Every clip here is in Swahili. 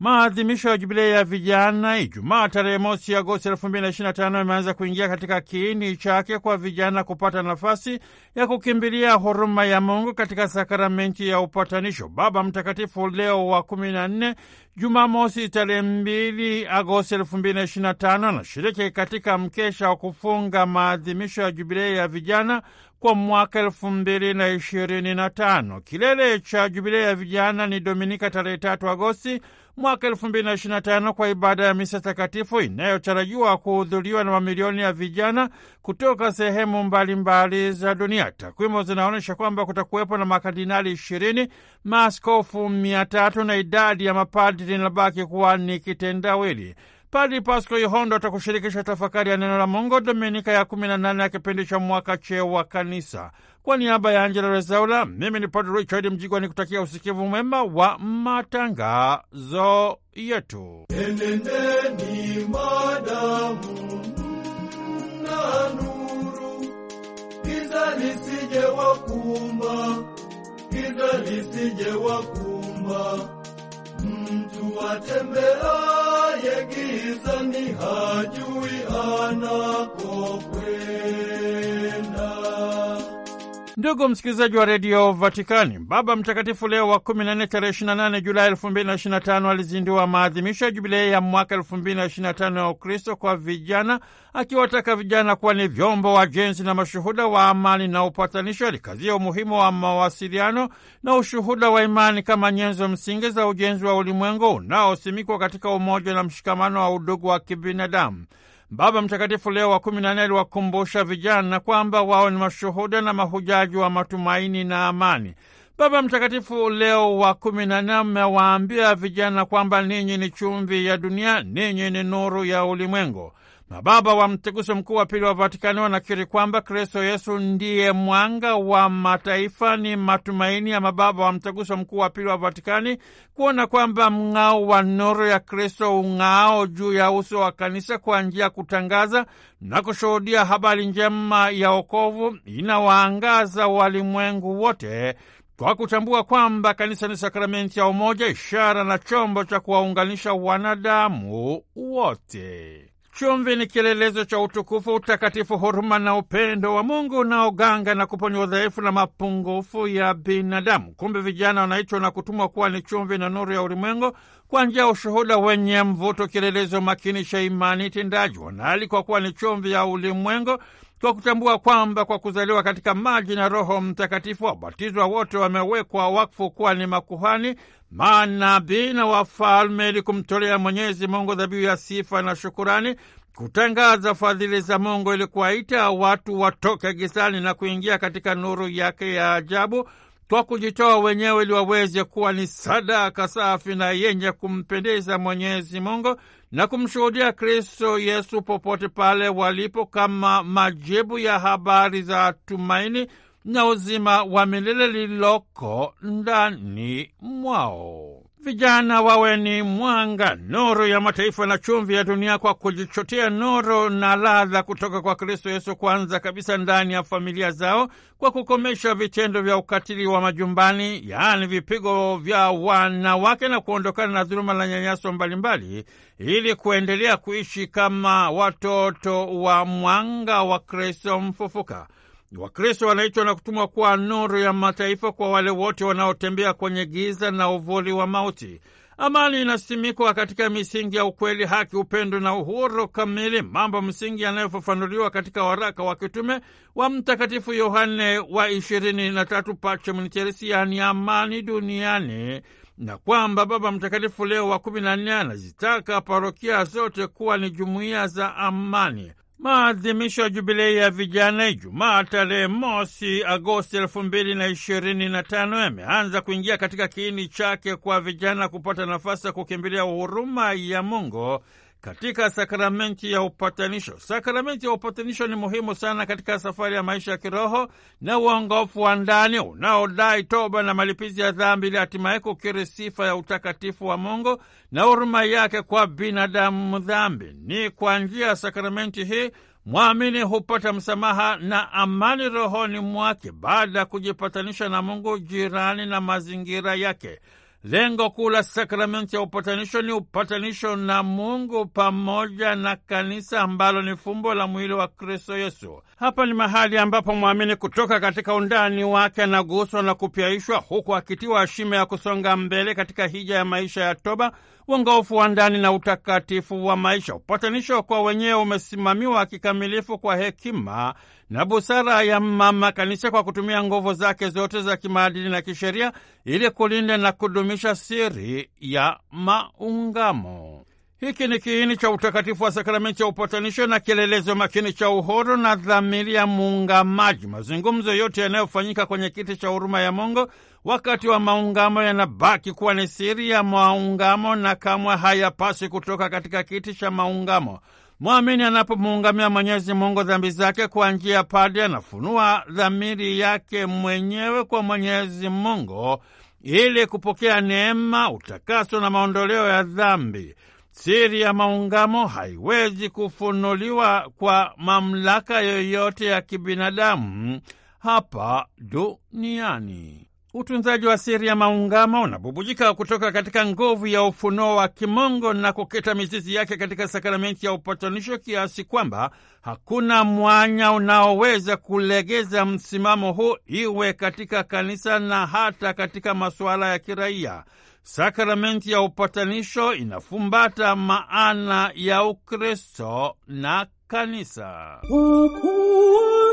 Maadhimisho ya jubilei ya vijana Ijumaa tarehe mosi Agosti elfu mbili na ishirini na tano imeanza kuingia katika kiini chake kwa vijana kupata nafasi ya kukimbilia huruma ya Mungu katika sakramenti ya upatanisho. Baba Mtakatifu Leo wa kumi na nne Jumamosi tarehe mbili Agosti elfu mbili na ishirini na tano anashiriki katika mkesha wa kufunga maadhimisho ya jubilei ya vijana kwa mwaka elfu mbili na ishirini na tano. Kilele cha jubilei ya vijana ni Dominika tarehe tatu Agosti mwaka elfu mbili na ishirini na tano kwa ibada ya misa takatifu inayotarajiwa kuhudhuriwa na mamilioni ya vijana kutoka sehemu mbalimbali mbali za dunia. Takwimu zinaonyesha kwamba kutakuwepo na makardinali ishirini, maaskofu mia tatu na idadi ya mapadri inabaki kuwa ni kitendawili. Padri Pasko Ihondo atakushirikisha tafakari ya neno la Mungu dominika ya 18 ya kipindi cha mwaka cheo wa Kanisa. Kwa niaba ya Angela Rezaula, mimi ni Padri Richard Mjigwa ni kutakia usikivu mwema wa matangazo yetu. Enendeni madamu na nuru, giza lisije wakumba, giza lisije wakumba Mtu atembeaye gizani hajui anakokwe Ndugu msikilizaji wa redio Vatikani, Baba Mtakatifu Leo wa 14 tarehe 28 Julai 225 alizindua maadhimisho ya jubilei ya mwaka 225 ya Ukristo kwa vijana, akiwataka vijana kuwa ni vyombo wajenzi na mashuhuda wa amani na upatanisho. Alikazia umuhimu wa mawasiliano na ushuhuda wa imani kama nyenzo msingi za ujenzi wa ulimwengu unaosimikwa katika umoja na mshikamano wa udugu wa kibinadamu. Baba Mtakatifu Leo wa kumi na nne aliwakumbusha vijana kwamba wao ni mashuhuda na mahujaji wa matumaini na amani. Baba Mtakatifu Leo wa kumi na nne amewaambia vijana kwamba ninyi ni chumvi ya dunia, ninyi ni nuru ya ulimwengu. Mababa wa Mtaguso Mkuu wa Pili wa Vatikani wanakiri kwamba Kristo Yesu ndiye mwanga wa mataifa. Ni matumaini ya mababa wa Mtaguso Mkuu wa Pili wa Vatikani kuona kwamba mng'ao wa nuru ya Kristo ung'ao juu ya uso wa kanisa kwa njia ya kutangaza na kushuhudia habari njema ya wokovu inawaangaza walimwengu wote kwa kutambua kwamba kanisa ni sakramenti ya umoja, ishara na chombo cha kuwaunganisha wanadamu wote. Chumvi ni kielelezo cha utukufu, utakatifu, huruma na upendo wa Mungu unaoganga na kuponya udhaifu na mapungufu ya binadamu. Kumbe vijana wanaitwa na kutumwa kuwa ni chumvi na nuru ya ulimwengu kwa njia ya ushuhuda wenye mvuto, kielelezo makini cha imani tendaji. Wanaalikwa kuwa ni chumvi ya ulimwengu kwa kutambua kwamba kwa kuzaliwa katika maji na Roho Mtakatifu wabatizwa wote wamewekwa wakfu kuwa ni makuhani manabii na wafalme ili kumtolea Mwenyezi Mungu dhabihu ya sifa na shukurani, kutangaza fadhili za Mungu ili kuwaita watu watoke gizani na kuingia katika nuru yake ya ajabu kwa kujitoa wenyewe ili waweze kuwa ni sadaka safi na yenye kumpendeza Mwenyezi Mungu na kumshuhudia Kristo Yesu popote pale walipo, kama majibu ya habari za tumaini na uzima wa milele lililoko ndani mwao. Vijana wawe ni mwanga, nuru ya mataifa na chumvi ya dunia, kwa kujichotea nuru na ladha kutoka kwa Kristo Yesu, kwanza kabisa ndani ya familia zao, kwa kukomesha vitendo vya ukatili wa majumbani, yaani vipigo vya wanawake, na kuondokana na dhuluma na nyanyaso mbalimbali, ili kuendelea kuishi kama watoto wa mwanga wa Kristo mfufuka. Wakristo wanaitwa na kutumwa kuwa nuru ya mataifa kwa wale wote wanaotembea kwenye giza na uvuli wa mauti. Amani inasimikwa katika misingi ya ukweli, haki, upendo na uhuru kamili, mambo msingi yanayofafanuliwa katika waraka wa kitume wa Mtakatifu Yohane wa ishirini na tatu Pacem in Terris, yaani amani duniani, na kwamba Baba Mtakatifu Leo wa kumi na nne anazitaka parokia zote kuwa ni jumuiya za amani maadhimisho ya jubilei ya vijana Ijumaa tarehe mosi Agosti elfu mbili na ishirini na tano yameanza kuingia katika kiini chake kwa vijana kupata nafasi ya kukimbilia huruma ya Mungu katika sakramenti ya upatanisho. Sakramenti ya upatanisho ni muhimu sana katika safari ya maisha ya kiroho na uongofu wa ndani unaodai toba na malipizi ya dhambi, ili hatimaye kukiri sifa ya utakatifu wa Mungu na huruma yake kwa binadamu dhambi. Ni kwa njia ya sakramenti hii mwamini hupata msamaha na amani rohoni mwake baada ya kujipatanisha na Mungu, jirani na mazingira yake. Lengo kuu la sakramenti ya upatanisho ni upatanisho na Mungu pamoja na kanisa ambalo ni fumbo la mwili wa Kristo Yesu. Hapa ni mahali ambapo mwamini kutoka katika undani wake anaguswa na kupyaishwa, huku akitiwa shime ya kusonga mbele katika hija ya maisha ya toba uongofu wa ndani na utakatifu wa maisha. Upatanisho kwa wenyewe umesimamiwa kikamilifu kwa hekima na busara ya Mama Kanisa kwa kutumia nguvu zake zote za kimaadili na kisheria ili kulinda na kudumisha siri ya maungamo. Hiki ni kiini cha utakatifu wa sakramenti ya upatanisho na kielelezo makini cha uhuru na dhamiri ya muungamaji. Mazungumzo yote yanayofanyika kwenye kiti cha huruma ya Mungu wakati wa maungamo yanabaki kuwa ni siri ya maungamo na kamwe hayapaswi kutoka katika kiti cha maungamo. Mwamini anapomuungamia Mwenyezi Mungu dhambi zake kwa njia ya padi, anafunua dhamiri yake mwenyewe kwa Mwenyezi Mungu ili kupokea neema, utakaso na maondoleo ya dhambi. Siri ya maungamo haiwezi kufunuliwa kwa mamlaka yoyote ya kibinadamu hapa duniani. Utunzaji wa siri ya maungamo unabubujika kutoka katika nguvu ya ufunuo wa kimongo na kuketa mizizi yake katika sakramenti ya upatanisho, kiasi kwamba hakuna mwanya unaoweza kulegeza msimamo huu, iwe katika kanisa na hata katika masuala ya kiraia. Sakramenti ya upatanisho inafumbata maana ya Ukristo na kanisa Kuku.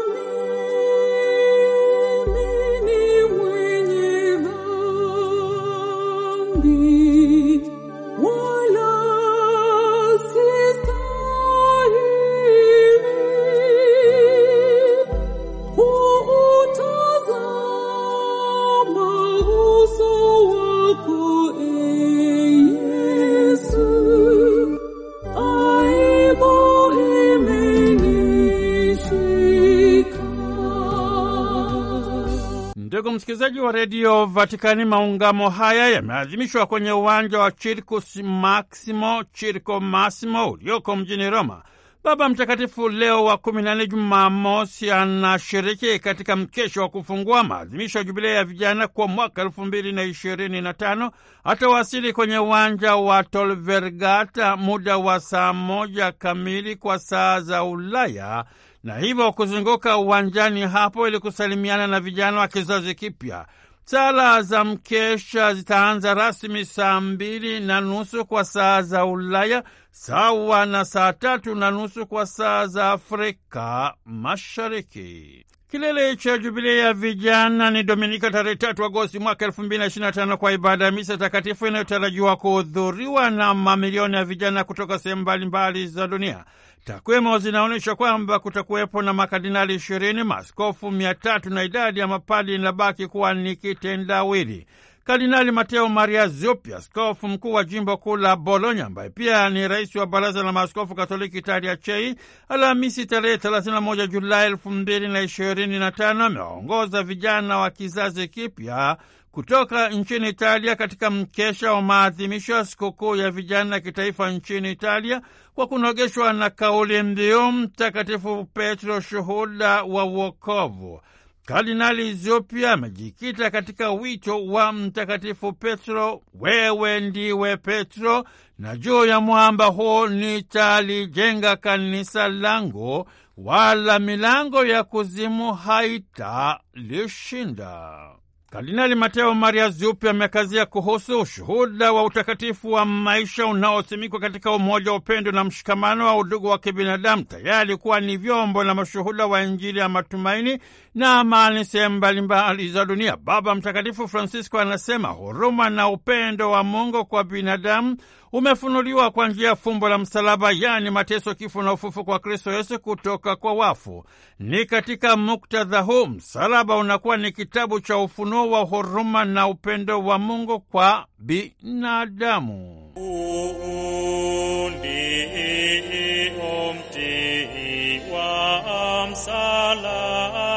msikilizaji wa redio Vatikani, maungamo haya yameadhimishwa kwenye uwanja wa Circus Maximo Circo Massimo ulioko mjini Roma. Baba Mtakatifu Leo wa 14 na Jumamosi anashiriki katika mkesho wa kufungua maadhimisho ya jubilei ya vijana kwa mwaka elfu mbili na ishirini na tano. Atawasili kwenye uwanja wa Tolvergata muda wa saa moja kamili kwa saa za Ulaya na hivyo kuzunguka uwanjani hapo ili kusalimiana na vijana wa kizazi kipya. Sala za mkesha zitaanza rasmi saa mbili na nusu kwa saa za Ulaya, sawa na saa tatu na nusu kwa saa za Afrika Mashariki. Kilele cha Jubilei ya vijana ni Dominika tarehe tatu Agosti mwaka elfu mbili na ishirini na tano kwa ibada ya misa takatifu inayotarajiwa kuhudhuriwa na mamilioni ya vijana kutoka sehemu mbalimbali za dunia. Takwimu zinaonyesha kwamba kutakuwepo na makardinali ishirini, maaskofu mia tatu na idadi ya mapadi inabaki kuwa ni kitendawili. Kardinali Mateo Maria Zuppi, askofu mkuu wa jimbo kuu la Bologna, ambaye pia ni rais wa baraza la maaskofu Katoliki Italia chei Alhamisi tarehe 31 Julai 2025 amewaongoza vijana wa kizazi kipya kutoka nchini Italia katika mkesha wa maadhimisho ya sikukuu ya vijana kitaifa nchini Italia kwa kunogeshwa na kauli mbiu Mtakatifu Petro, shuhuda wa uokovu Kardinali Zupia amejikita katika wito wa Mtakatifu Petro, wewe ndiwe Petro, na juu ya mwamba huu nitalijenga kanisa langu, wala milango ya kuzimu haitalishinda. Kardinali Mateo Maria zupi amekazia kuhusu ushuhuda wa utakatifu wa maisha unaosimikwa katika umoja, upendo na mshikamano wa udugu wa kibinadamu, tayari kuwa ni vyombo na mashuhuda wa Injili ya matumaini na amani sehemu mbalimbali za dunia. Baba Mtakatifu Francisco anasema huruma na upendo wa Mungu kwa binadamu umefunuliwa kwa njia ya fumbo la msalaba, yaani mateso, kifo na ufufuko kwa Kristo Yesu kutoka kwa wafu. Ni katika muktadha huu msalaba unakuwa ni kitabu cha ufunuo wa huruma na upendo wa Mungu kwa binadamu. Undi wa msalaba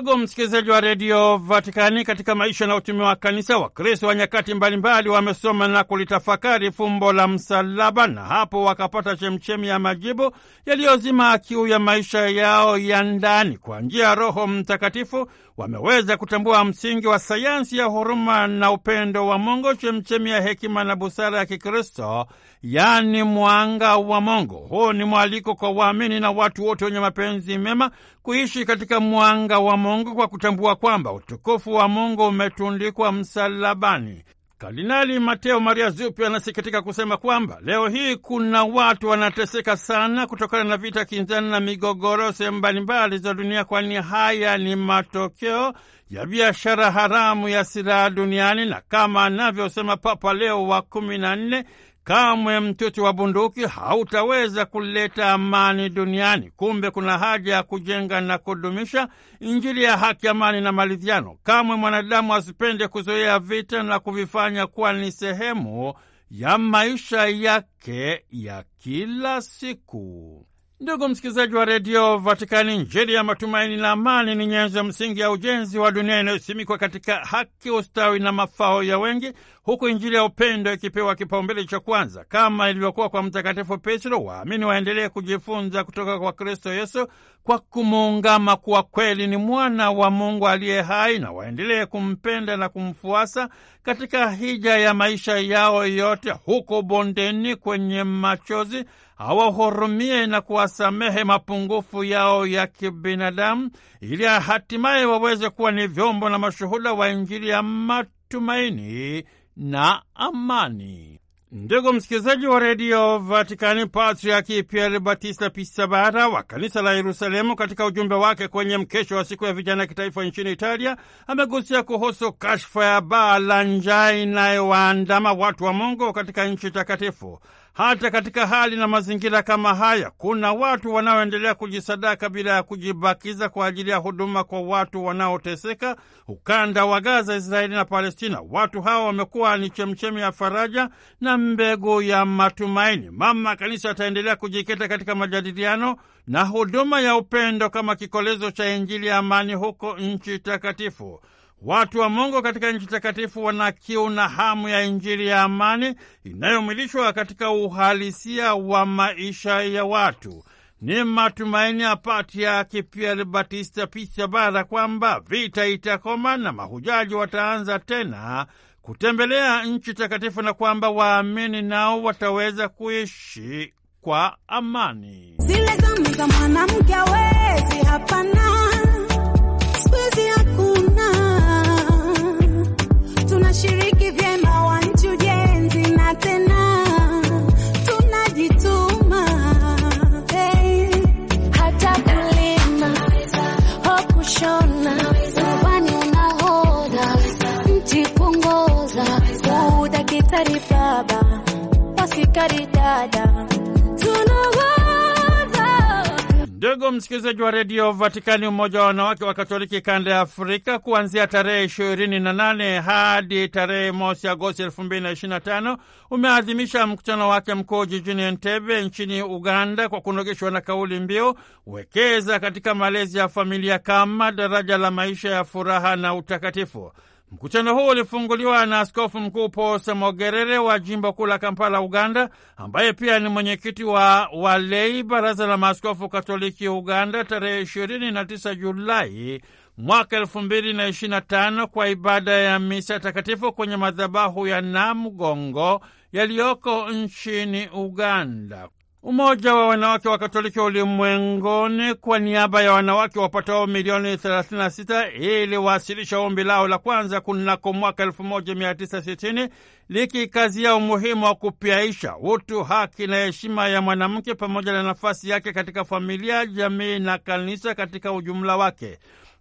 Ndugu msikilizaji wa redio Vatikani, katika maisha na utumi wa kanisa, Wakristo wa nyakati mbalimbali wamesoma na kulitafakari fumbo la msalaba, na hapo wakapata chemchemi ya majibu yaliyozima kiu ya maisha yao ya ndani. Kwa njia ya Roho Mtakatifu wameweza kutambua msingi wa sayansi ya huruma na upendo wa Mungu, chemchemi ya hekima na busara ya Kikristo, yaani mwanga wa Mungu. Huu ni mwaliko kwa waamini na watu wote wenye mapenzi mema kuishi katika mwanga wa Mungu Mungu kwa kutambua kwamba utukufu wa Mungu umetundikwa msalabani. Kardinali Mateo Maria Zuppi anasikitika kusema kwamba leo hii kuna watu wanateseka sana kutokana na vita kinzani na migogoro sehemu mbalimbali za dunia, kwani haya ni matokeo ya biashara haramu ya silaha duniani, na kama anavyosema Papa Leo wa kumi na nne Kamwe mtutu wa bunduki hautaweza kuleta amani duniani. Kumbe kuna haja ya kujenga na kudumisha Injili ya haki, amani na maridhiano. Kamwe mwanadamu asipende kuzoea vita na kuvifanya kuwa ni sehemu ya maisha yake ya kila siku. Ndugu msikilizaji wa redio Vatikani, Injili ya matumaini na amani ni nyenzo msingi ya ujenzi wa dunia inayosimikwa katika haki, ustawi na mafao ya wengi, huku Injili ya upendo ikipewa kipaumbele cha kwanza. Kama ilivyokuwa kwa Mtakatifu Petro, waamini waendelee kujifunza kutoka kwa Kristo Yesu kwa kumuungama kuwa kweli ni mwana wa Mungu aliye hai, na waendelee kumpenda na kumfuasa katika hija ya maisha yao yote, huko bondeni, kwenye machozi awahurumie na kuwasamehe mapungufu yao ya kibinadamu, ili hatimaye waweze kuwa ni vyombo na mashuhuda wa Injili ya matumaini na amani. Ndugu msikilizaji wa redio Vatikani, Patriaki Pier Batista Pisabara wa kanisa la Yerusalemu, katika ujumbe wake kwenye mkesho wa siku ya vijana kitaifa nchini Italia, amegusia kuhusu kashfa ya baa la njaa inayowaandama watu wa Mungu katika nchi takatifu. Hata katika hali na mazingira kama haya, kuna watu wanaoendelea kujisadaka bila ya kujibakiza kwa ajili ya huduma kwa watu wanaoteseka ukanda wa Gaza, Israeli na Palestina. Watu hawa wamekuwa ni chemchemi ya faraja na mbegu ya matumaini. Mama Kanisa ataendelea kujikita katika majadiliano na huduma ya upendo kama kikolezo cha Injili ya amani huko nchi takatifu. Watu wa Mungu katika nchi takatifu wana kiu na hamu ya Injili ya amani inayomwilishwa katika uhalisia wa maisha ya watu. Ni matumaini ya Patriaki Pier Batista Pityabara kwamba vita itakoma na mahujaji wataanza tena kutembelea nchi takatifu na kwamba waamini nao wataweza kuishi kwa amani. Zile zamu za mwanamke hawezi, hapana karidada Ndugu msikilizaji wa redio Vatikani, umoja wa wanawake wa Katoliki kanda ya Afrika kuanzia tarehe ishirini na nane hadi tarehe mosi Agosti elfu mbili na ishirini na tano umeadhimisha mkutano wake mkuu jijini Entebbe nchini Uganda kwa kunogeshwa na kauli mbiu wekeza katika malezi ya familia kama daraja la maisha ya furaha na utakatifu. Mkutano huu ulifunguliwa na Askofu Mkuu Paulus Mogerere wa jimbo kuu la Kampala, Uganda, ambaye pia ni mwenyekiti wa walei baraza la maaskofu Katoliki Uganda, tarehe 29 Julai mwaka elfu mbili na ishirini na tano kwa ibada ya misa takatifu kwenye madhabahu ya Namugongo yaliyoko nchini Uganda. Umoja wa wanawake wa Katoliki ulimwenguni kwa niaba ya wanawake wapatao milioni 36 ili waasilisha ombi lao la kwanza kunako mwaka 1960 likikazia umuhimu wa kupiaisha utu, haki na heshima ya mwanamke pamoja na nafasi yake katika familia, jamii na kanisa katika ujumla wake.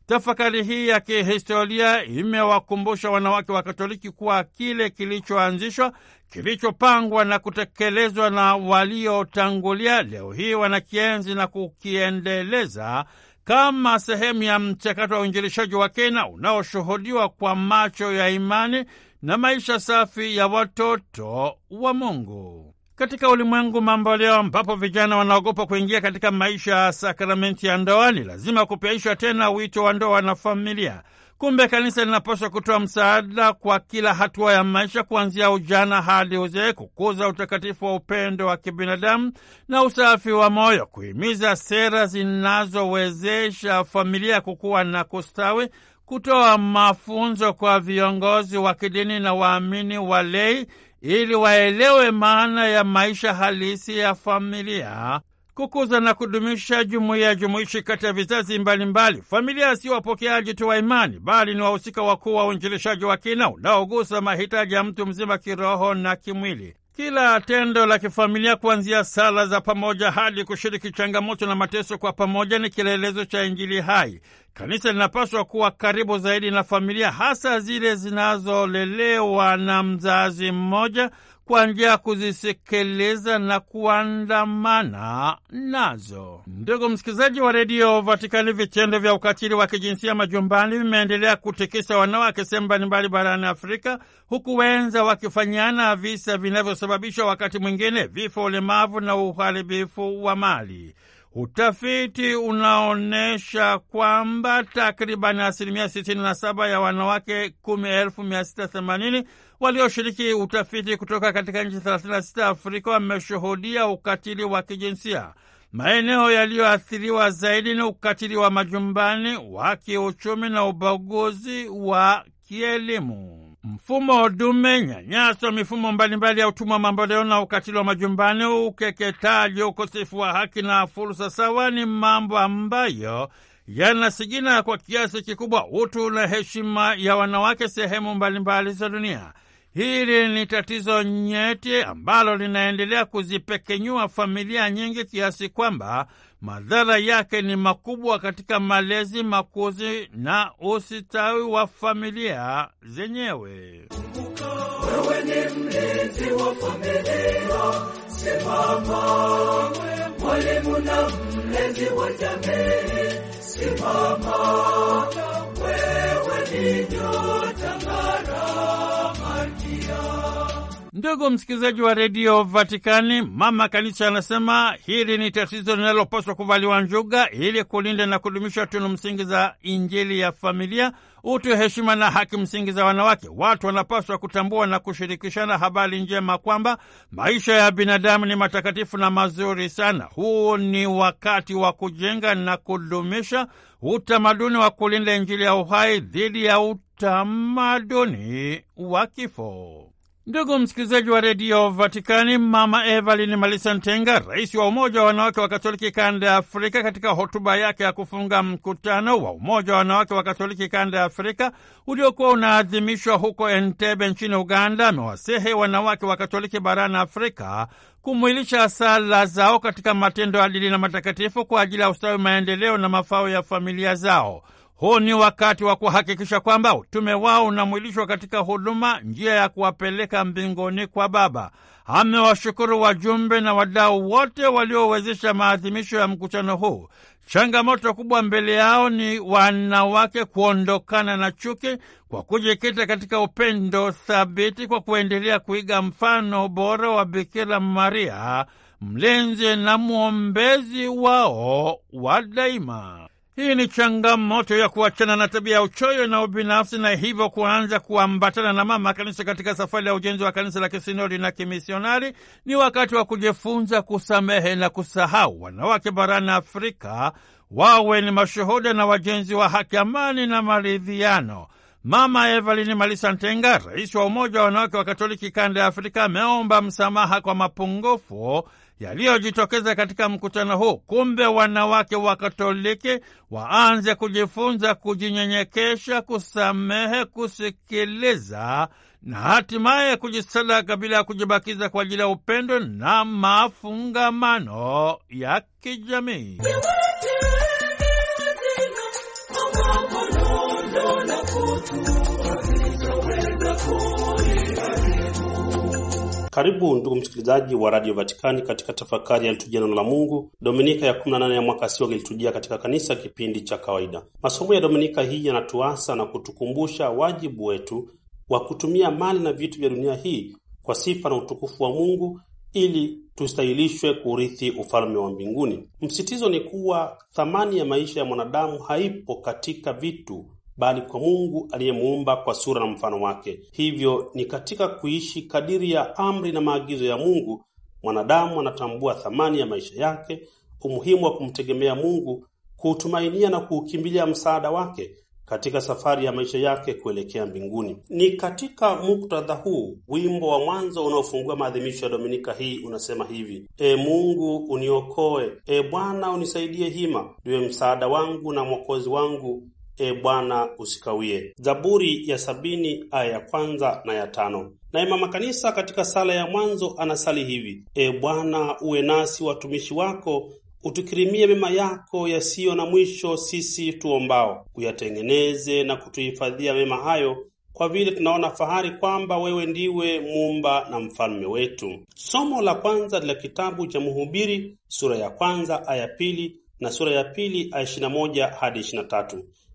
Tafakari hii ya kihistoria imewakumbusha wanawake wa Katoliki kuwa kile kilichoanzishwa, kilichopangwa na kutekelezwa na waliotangulia, leo hii wanakienzi na kukiendeleza kama sehemu ya mchakato wa uinjilishaji wa kina unaoshuhudiwa kwa macho ya imani na maisha safi ya watoto wa Mungu katika ulimwengu mambo leo, ambapo vijana wanaogopa kuingia katika maisha ya sakramenti ya ndoa, ni lazima kupeaishwa tena wito wa ndoa na familia. Kumbe kanisa linapaswa kutoa msaada kwa kila hatua ya maisha, kuanzia ujana hadi uzee, kukuza utakatifu wa upendo wa kibinadamu na usafi wa moyo, kuhimiza sera zinazowezesha familia kukuwa na kustawi kutoa mafunzo kwa viongozi wa kidini na waamini walei ili waelewe maana ya maisha halisi ya familia, kukuza na kudumisha jumuiya jumuishi kati ya vizazi mbalimbali. Familia si wapokeaji tu wa imani, bali ni wahusika wakuu wa uinjilishaji wa kina unaogusa mahitaji ya mtu mzima kiroho na kimwili. Kila tendo la kifamilia kuanzia sala za pamoja hadi kushiriki changamoto na mateso kwa pamoja ni kielelezo cha Injili hai. Kanisa linapaswa kuwa karibu zaidi na familia, hasa zile zinazolelewa na mzazi mmoja, kwa njia ya kuzisekeleza na kuandamana nazo. Ndugu msikilizaji wa redio Vatikani, vitendo vya ukatili wa kijinsia majumbani vimeendelea kutikisa wanawake sehemu mbalimbali barani Afrika, huku wenza wakifanyana visa vinavyosababishwa wakati mwingine vifo, ulemavu na uharibifu wa mali. Utafiti unaonyesha kwamba takribani asilimia 67 ya wanawake 10680 walioshiriki utafiti kutoka katika nchi 36 Afrika wameshuhudia ukatili wa kijinsia. Maeneo yaliyoathiriwa zaidi ni ukatili wa majumbani, wa kiuchumi na ubaguzi wa kielimu mfumo dume, nyanyaso, mifumo mbalimbali ya utumwa mamboleo na ukatili wa majumbani, ukeketaji, ukosefu wa haki na fursa sawa ni mambo ambayo yanasigina kwa kiasi kikubwa utu na heshima ya wanawake sehemu mbalimbali za dunia. Hili ni tatizo nyeti ambalo linaendelea kuzipekenyua familia nyingi kiasi kwamba madhara yake ni makubwa katika malezi, makuzi na usitawi wa familia zenyewe. simama. Wewe ni nyota Ndugu msikilizaji wa redio Vatikani, mama kanisa anasema hili ni tatizo linalopaswa kuvaliwa njuga ili kulinda na kudumisha tunu msingi za Injili ya familia, utu, heshima na haki msingi za wanawake. Watu wanapaswa kutambua na kushirikishana habari njema kwamba maisha ya binadamu ni matakatifu na mazuri sana. Huu ni wakati wa kujenga na kudumisha utamaduni wa kulinda Injili ya uhai dhidi ya utamaduni wa kifo. Ndugu msikilizaji wa redio Vatikani, Mama Evelyn malisantenga rais wa Umoja wa Wanawake wa Katoliki kanda ya Afrika, katika hotuba yake ya kufunga mkutano wa Umoja wa Wanawake wa Katoliki kanda ya Afrika uliokuwa unaadhimishwa huko Entebbe nchini Uganda, amewasihi wanawake wa Katoliki barani Afrika kumwilisha sala zao katika matendo adili na matakatifu kwa ajili ya ustawi, maendeleo na mafao ya familia zao. Huu ni wakati wa kuhakikisha kwamba utume wao unamwilishwa katika huduma, njia ya kuwapeleka mbinguni kwa Baba. Amewashukuru wajumbe na wadau wote waliowezesha maadhimisho ya mkutano huu. Changamoto kubwa mbele yao ni wanawake kuondokana na chuki kwa kujikita katika upendo thabiti, kwa kuendelea kuiga mfano bora wa Bikira Maria, mlinzi na mwombezi wao wa daima. Hii ni changamoto ya kuachana na tabia ya uchoyo na ubinafsi na hivyo kuanza kuambatana na mama kanisa katika safari ya ujenzi wa kanisa la kisinodi na kimisionari. Ni wakati wa kujifunza kusamehe na kusahau. Wanawake barani Afrika wawe ni mashuhuda na wajenzi wa haki, amani na maridhiano. Mama Evelyn Malisa Ntenga, rais wa Umoja wa Wanawake wa Katoliki kanda ya Afrika, ameomba msamaha kwa mapungufu yaliyojitokeza katika mkutano huu. Kumbe wanawake wa Katoliki waanze kujifunza kujinyenyekesha, kusamehe, kusikiliza na hatimaye kujisadaka bila ya kujibakiza kwa ajili ya upendo na mafungamano ya kijamii. Karibu ndugu msikilizaji wa Radio Vatikani katika tafakari ya litujia neno la Mungu, dominika ya 18 ya mwaka C wa katika kanisa, kipindi cha kawaida. Masomo ya dominika hii yanatuasa na kutukumbusha wajibu wetu wa kutumia mali na vitu vya dunia hii kwa sifa na utukufu wa Mungu ili tustahilishwe kurithi ufalme wa mbinguni. Msitizo ni kuwa thamani ya maisha ya mwanadamu haipo katika vitu bali kwa Mungu aliyemuumba kwa sura na mfano wake. Hivyo ni katika kuishi kadiri ya amri na maagizo ya Mungu, mwanadamu anatambua thamani ya maisha yake, umuhimu wa kumtegemea Mungu, kuutumainia na kuukimbilia msaada wake katika safari ya maisha yake kuelekea mbinguni. Ni katika muktadha huu wimbo wa mwanzo unaofungua maadhimisho ya Dominika hii unasema hivi: E Mungu uniokoe, E Bwana unisaidie hima, ndiwe msaada wangu na mwokozi wangu E Bwana, usikawie. Zaburi ya sabini aya ya kwanza na ya tano. Na mama kanisa katika sala ya mwanzo anasali hivi: E Bwana, uwe nasi watumishi wako, utukirimie mema yako yasiyo na mwisho, sisi tuombao. Uyatengeneze na kutuhifadhia mema hayo, kwa vile tunaona fahari kwamba wewe ndiwe muumba na mfalme wetu. Somo la kwanza la kitabu cha Mhubiri sura ya kwanza aya pili na sura ya pili aya 21 hadi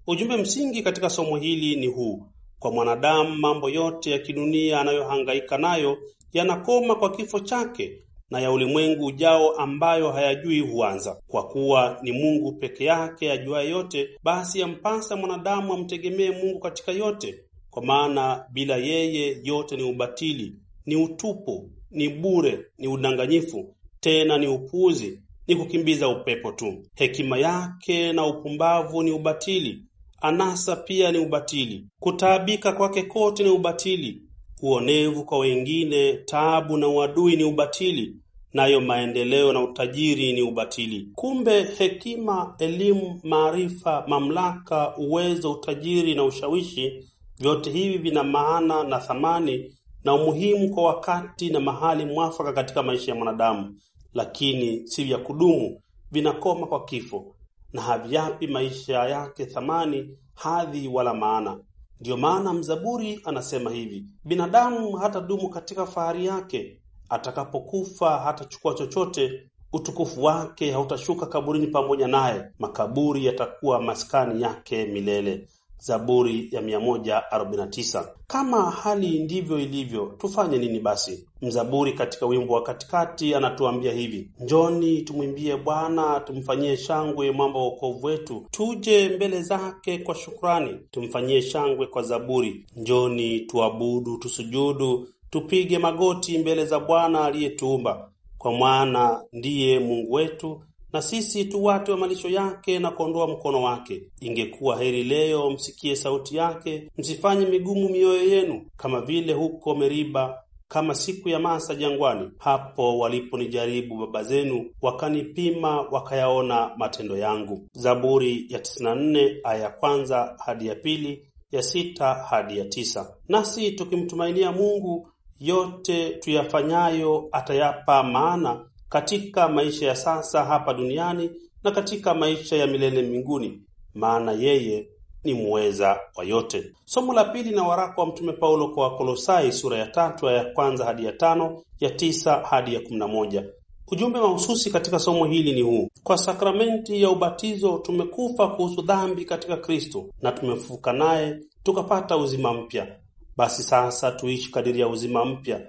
Ujumbe msingi katika somo hili ni huu: kwa mwanadamu mambo yote ya kidunia anayohangaika nayo yanakoma kwa kifo chake, na ya ulimwengu ujao ambayo hayajui huanza. Kwa kuwa ni Mungu peke yake ajuaye yote, basi yampasa mwanadamu amtegemee Mungu katika yote, kwa maana bila yeye yote ni ubatili, ni utupu, ni bure, ni udanganyifu, tena ni upuuzi, ni kukimbiza upepo tu. Hekima yake na upumbavu ni ubatili Anasa pia ni ubatili, kutaabika kwake kote ni ubatili, uonevu kwa wengine, taabu na uadui ni ubatili, nayo maendeleo na utajiri ni ubatili. Kumbe hekima, elimu, maarifa, mamlaka, uwezo, utajiri na ushawishi, vyote hivi vina maana na thamani na umuhimu kwa wakati na mahali mwafaka katika maisha ya mwanadamu, lakini si vya kudumu, vinakoma kwa kifo na haviapi maisha yake thamani, hadhi wala maana. Ndiyo maana mzaburi anasema hivi, binadamu hatadumu katika fahari yake, atakapokufa hatachukua chochote, utukufu wake hautashuka kaburini pamoja naye, makaburi yatakuwa maskani yake milele. Zaburi ya 149. Kama hali ndivyo ilivyo, tufanye nini basi? Mzaburi katika wimbo wa katikati anatuambia hivi: njoni tumwimbie Bwana, tumfanyie shangwe mwamba wa wokovu wetu, tuje mbele zake kwa shukrani, tumfanyie shangwe kwa zaburi. Njoni tuabudu, tusujudu, tupige magoti mbele za Bwana aliyetuumba, kwa maana ndiye Mungu wetu na sisi tu watu wa malisho yake na kuondoa mkono wake. Ingekuwa heri leo msikie sauti yake, msifanye migumu mioyo yenu kama vile huko Meriba, kama siku ya Masa jangwani, hapo waliponijaribu baba zenu, wakanipima wakayaona matendo yangu. Zaburi ya 94 aya ya kwanza hadi ya pili, ya sita hadi ya tisa. Nasi tukimtumainia Mungu yote tuyafanyayo atayapa maana katika maisha ya sasa hapa duniani na katika maisha ya milele mbinguni, maana yeye ni muweza wa yote. Somo la pili na waraka wa Mtume Paulo kwa Wakolosai sura ya tatu ya kwanza hadi ya tano ya tisa hadi ya kumi na moja. Ujumbe mahususi katika somo hili ni huu: kwa sakramenti ya ubatizo tumekufa kuhusu dhambi katika Kristo na tumefufuka naye tukapata uzima mpya. Basi sasa tuishi kadiri ya uzima mpya,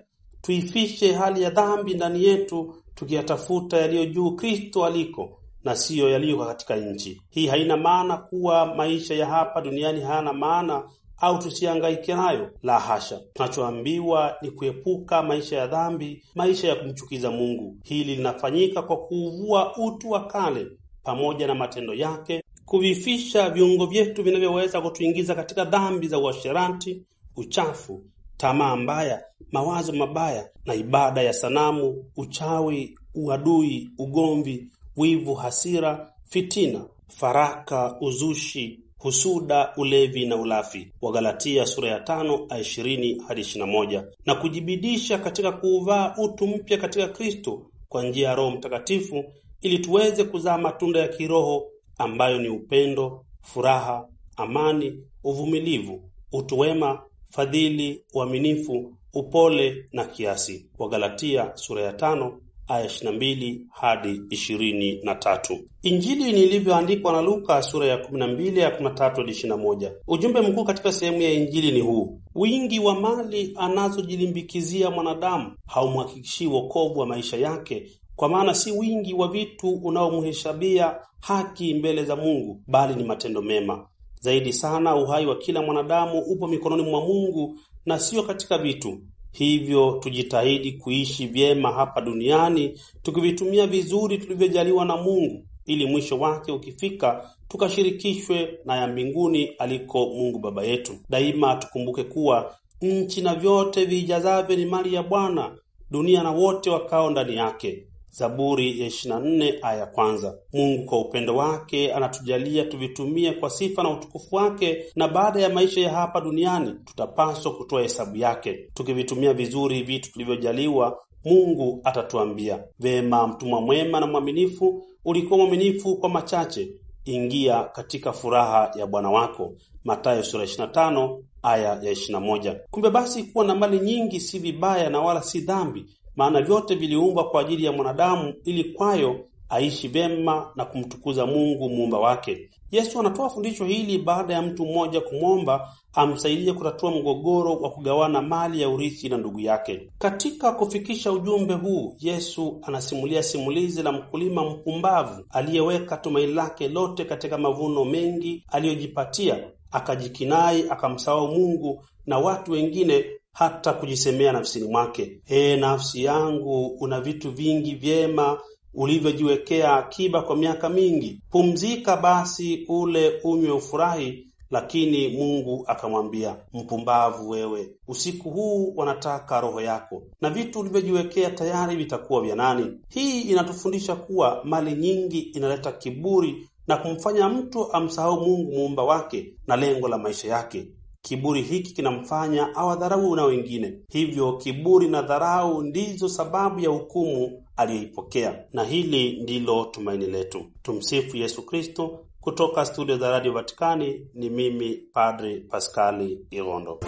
tuifishe hali ya dhambi ndani yetu tukiyatafuta yaliyo juu Kristo aliko na siyo yaliyo katika nchi hii. Haina maana kuwa maisha ya hapa duniani hayana maana au tusihangaike nayo, la hasha. Tunachoambiwa ni kuepuka maisha ya dhambi, maisha ya kumchukiza Mungu. Hili linafanyika kwa kuuvua utu wa kale pamoja na matendo yake, kuvifisha viungo vyetu vinavyoweza kutuingiza katika dhambi za uasherati, uchafu tamaa mbaya, mawazo mabaya na ibada ya sanamu, uchawi, uadui, ugomvi, wivu, hasira, fitina, faraka, uzushi, husuda, ulevi na ulafi. Wagalatia sura ya tano aya ishirini hadi ishirini na moja na kujibidisha katika kuuvaa utu mpya katika Kristo kwa njia ya Roho Mtakatifu ili tuweze kuzaa matunda ya kiroho ambayo ni upendo, furaha, amani, uvumilivu, utu wema fadhili, uaminifu, upole na kiasi. Wagalatia sura ya tano aya 22 hadi ishirini na tatu. Injili nilivyoandikwa na Luka sura ya kumi na 12 aya tatu hadi na moja. Ujumbe mkuu katika sehemu ya injili ni huu: wingi wa mali anazojilimbikizia mwanadamu haumhakikishii wokovu wa maisha yake, kwa maana si wingi wa vitu unaomhesabia haki mbele za Mungu, bali ni matendo mema. Zaidi sana uhai wa kila mwanadamu upo mikononi mwa Mungu na sio katika vitu. Hivyo tujitahidi kuishi vyema hapa duniani tukivitumia vizuri tulivyojaliwa na Mungu ili mwisho wake ukifika tukashirikishwe na ya mbinguni aliko Mungu Baba yetu. Daima tukumbuke kuwa nchi na vyote viijazavyo ni mali ya Bwana, dunia na wote wakao ndani yake. Zaburi ya 24 aya kwanza. Mungu kwa upendo wake anatujalia tuvitumie kwa sifa na utukufu wake, na baada ya maisha ya hapa duniani tutapaswa kutoa hesabu yake. Tukivitumia vizuri vitu tulivyojaliwa, Mungu atatuambia vema, mtumwa mwema na mwaminifu, ulikuwa mwaminifu kwa machache, ingia katika furaha ya bwana wako. Mathayo sura 25 aya ya 21. Kumbe basi kuwa na mali nyingi si vibaya na wala si dhambi maana vyote viliumbwa kwa ajili ya mwanadamu ili kwayo aishi vyema na kumtukuza Mungu muumba wake. Yesu anatoa fundisho hili baada ya mtu mmoja kumwomba amsaidie kutatua mgogoro wa kugawana mali ya urithi na ndugu yake. Katika kufikisha ujumbe huu, Yesu anasimulia simulizi la mkulima mpumbavu aliyeweka tumaini lake lote katika mavuno mengi aliyojipatia, akajikinai, akamsahau Mungu na watu wengine hata kujisemea nafsini mwake, e, nafsi yangu, una vitu vingi vyema ulivyojiwekea akiba kwa miaka mingi, pumzika basi, ule, unywe, ufurahi. Lakini Mungu akamwambia, mpumbavu wewe, usiku huu wanataka roho yako, na vitu ulivyojiwekea tayari vitakuwa vya nani? Hii inatufundisha kuwa mali nyingi inaleta kiburi na kumfanya mtu amsahau Mungu muumba wake na lengo la maisha yake. Kiburi hiki kinamfanya awadharau na wengine, hivyo kiburi na dharau ndizo sababu ya hukumu aliyoipokea, na hili ndilo tumaini letu. Tumsifu Yesu Kristo. Kutoka studio za Radio Vatikani ni mimi padri Paskali Irondo.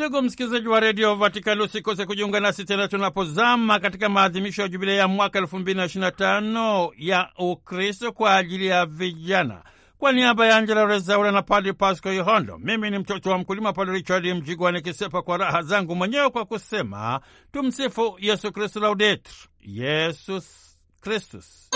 Ndugu msikilizaji wa redio Vatikani, usikose kujiunga nasi tena tunapozama katika maadhimisho ya jubilei ya mwaka elfu mbili na ishirini na tano ya Ukristo kwa ajili ya vijana. Kwa niaba ya Angela Rezaura na Padri Pasco Yohondo, mimi ni mtoto wa mkulima Padri Richard Mjigwa nikisepa kwa raha zangu mwenyewe kwa kusema tumsifu Yesu Kristu, laudetur Yesus Kristus.